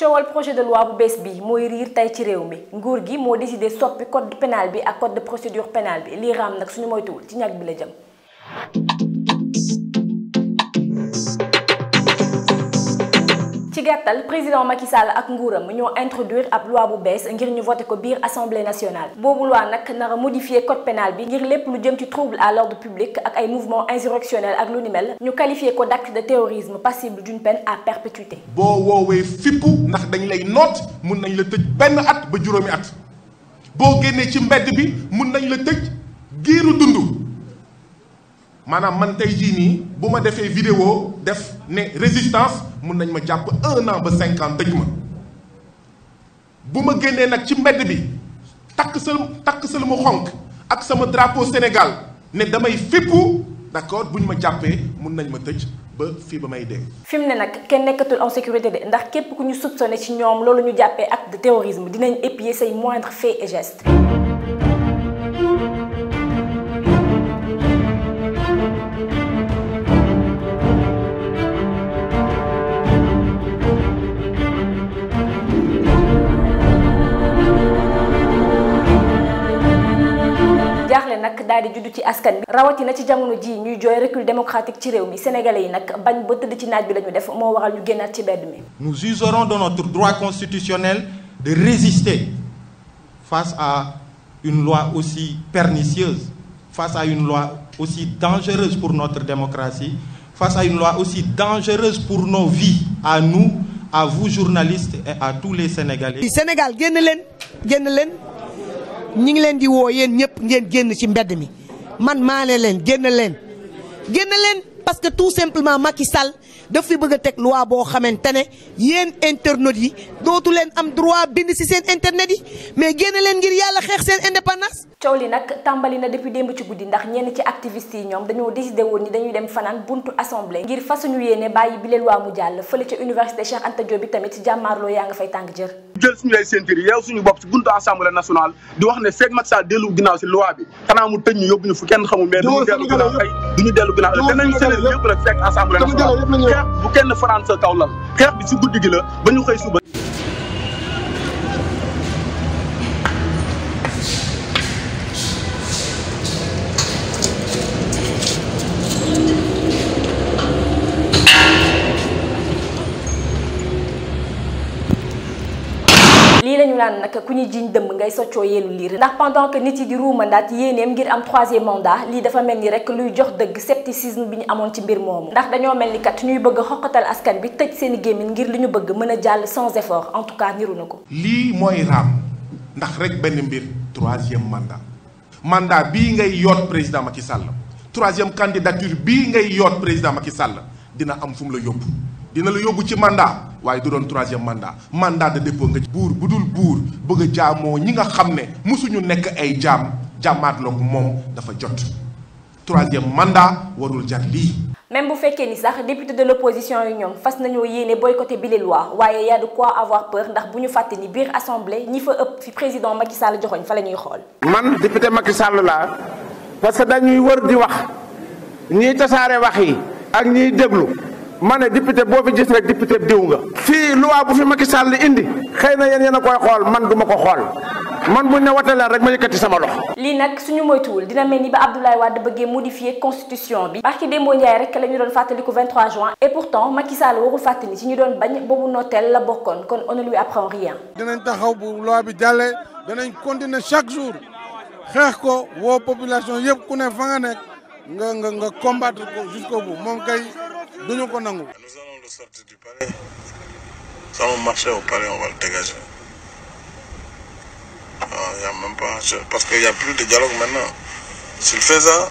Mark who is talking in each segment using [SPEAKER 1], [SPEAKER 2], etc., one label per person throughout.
[SPEAKER 1] coowal projet de loi bu bees bi mooy riir tey ci réew mi nguur gi moo décidé soppi code pénal bi ak code de procédure pénale bi lii raam nag suñu moytuwul ci ñag bi la jëm. ci gàttal président Macky Sall ak Ngouram ñoo introduire ab loi bu bees ngir ñu voter ko biir assemblée nationale boobu loi nak nar a modifier code pénal bi ngir lépp lu jëm ci trouble à l'ordre public ak ay mouvements insurrectionnels ak lu ni mel ñu qualifier ko d'acte de terrorisme passible d'une peine à perpétuité
[SPEAKER 2] Bo wowe fipu nak dañ lay note mën nañ la tëj ben at ba juróomi at Bo génné ci mbéd bi mën nañ la tëj giiru dundu manam man si Vous nii bu vidéo def résistance 50. nañ ma japp un an ba 5 ans Si je ci mbéd bi tak seul tak seul xonk ak sama drapeau Sénégal ne damay fippu d'accord bu ma ma tej ba fi ba may
[SPEAKER 1] nak en sécurité de ndax képp ku ñu soupçonné ci ñom ñu acte de terrorisme dinañ épier say moindres faits et gestes. askan sénégalais
[SPEAKER 2] nous userons de notre droit constitutionnel de résister face à une loi aussi pernicieuse face à une loi aussi dangereuse pour notre démocratie face à une loi aussi dangereuse pour nos vies à nous à vous journalistes et à tous les Sénégalais.
[SPEAKER 1] Sénégal ñi ngi leen di woo yéen ñëpp ngeen génn ci mbedd mi man maa ne leen génn leen génn leen parce que tout simplement Macky Sall daf fi bëgg a teg loi boo xamante ne yéen internautes yi dootu leen am droit bind ci seen internet yi mais génn leen ngir yàlla xeex seen indépendance. coow li nag tàmbali na depuis démb ci guddi ndax ñenn ci activistes yi ñoom dañoo décidé woon ni dañuy dem fanaan buntu assemblée. ngir fasuñu yéene bàyyi bile loi mu jàll fële ca université Cheikh Anta Diop bi tamit jàmmaarloo yaa nga fay tàng jër.
[SPEAKER 2] jël suñu lay ceinture yeew suñu bopp si buntu assemblée nationale di wax ne feeg Macky Sall dellu ginnaaw si loi bi xanaa mu tëj ñu yóbbu ñu fu kenn xamul mais duñu dellu ginnaaw tey duñu dellu ginnaaw ëllëg danañ sëlel yëpp nag fekk assemblée nationale xeex bu kenn faraan sa xeex bi si guddi gi la ba ñu xëy suba
[SPEAKER 1] lii la naan nag ku ñuy jiñ dëmb ngay soccoo yeelu liir ndax pendant que nit yi di ruumandaat yéeneem ngir am troisième mandat lii dafa mel ni rek luy jox dëgg scepticisme bi ñu amoon ci mbir moomu ndax dañoo mel ni kat ñuy bëgg a askan bi tëj seen gémmiñ ngir li ñu bëgg mën a jàll sans effort en tout cas niru na ko
[SPEAKER 2] lii mooy raam ndax rek benn mbir troisième mandat mandat bii ngay yoot président Macky Sall troisième candidature bii ngay yoot président Macky Sall dina am fu la yóbbu dina la yóbbu ci mandat waye du doon 3e mandat mandat de dépôt nga bour budul bour buur bëgg a jaamoo ñi nga xam ne mosuñu ay jaam jàmmaat loog mom dafa jot 3e mandat warul jar lii
[SPEAKER 1] même bu fekkee ni sax député de l'opposition yi ñom fas nañu yéné boycotter bi les lois waye ya de quoi avoir peur ndax buñu ñu ni biir assemblée ñi fa ëpp fi président Macky Sall joxogn fa la ñuy xool
[SPEAKER 2] man député Macky Sall la parce que dañuy wër di wax ñi tassaré wax yi ak ñi déglu mané député boo fi gis rek député diw nga. fii loi bu fi Macky Sall indi xeyna na yéen koy xol man duma ko xol man buñ ne wote rek ma yëkëti sama
[SPEAKER 1] loxo. li nak suñu moytuul dina mel ni ba Abdoulaye Wade bëggé modifier constitution bi. barki Dembo Ndiaye rek lañu ñu fatali ko 23 juin. et pourtant Macky Sall waru fàttali ci ñu doon bañ boobu notel la bokkon kon on ne lui apprend rien.
[SPEAKER 2] dinañ taxaw bu loi bi jàllee dinañ continuer chaque jour xex ko wo population yëpp ku ne fa nga nek nga nga nga combattre ko jusqu'au bout moom kay. Ah, nous allons le sortir du palais. allons marcher au palais on va le dégager. Il ah, y' a même pas parce qu'il n'y a plus de dialogue maintenant s'il fait ça.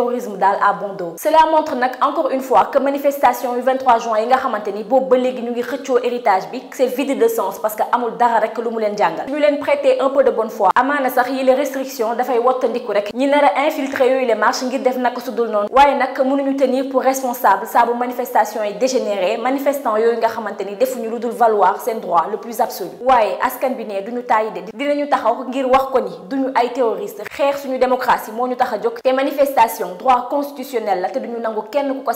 [SPEAKER 1] terrorisme d'Al abondo cela montre nak encore une fois que manifestation du 23 juin yi nga xamanteni ni ba léegi ñu ngi xëccio héritage bi c'est vide de sens parce que amul dara rek lu mu leen jangal ñu leen prêter un peu de bonne foi amana sax yi les restrictions fay wottandiku rek ñi nara infiltrer yoy les marches ngir def nak sudul non noonu nak mënu ñu tenir pour responsable Sa bu manifestation est dégénérée. manifestant yoy nga xamanteni defu ñu lu valoir sen droit le plus absolu waaye askan bi ne duñu tayi de dinañu taxaw ngir wax ko ni duñu ay terroriste xex suñu démocratie moo ñu tax a manifestation constitution droit constitutionnel la te duñu nangu kenn ku ko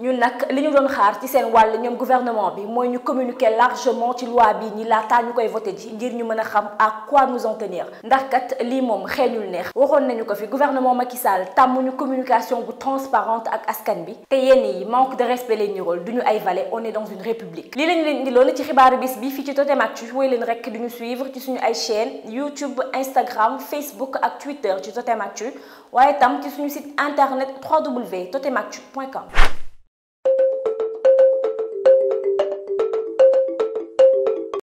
[SPEAKER 1] Nous ñun les nous ñu doon xaar ci seen les nous gouvernement bi moi ñu communiquer largement ci loi bi ni la ñu koy voté ji ngir ñu mën xam à quoi nous en tenir ndax kat rien moom xeeñul neex waxoon nañu ko fi gouvernement Macky Sall nous communication bu transparente ak askan bi te yenn yi manque de respect les rôle. duñu ay valet on est dans une république lii lañu leen indiloon ci xibaaru bis bi fii ci Totem ouais les leen rek duñu suivre ci suñu ay chaîne YouTube Instagram Facebook ak Twitter ci Totem Actu waaye tam ci suñu site internet www.totemactu.com.